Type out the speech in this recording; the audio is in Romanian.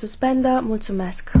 Suspendă. Mulțumesc.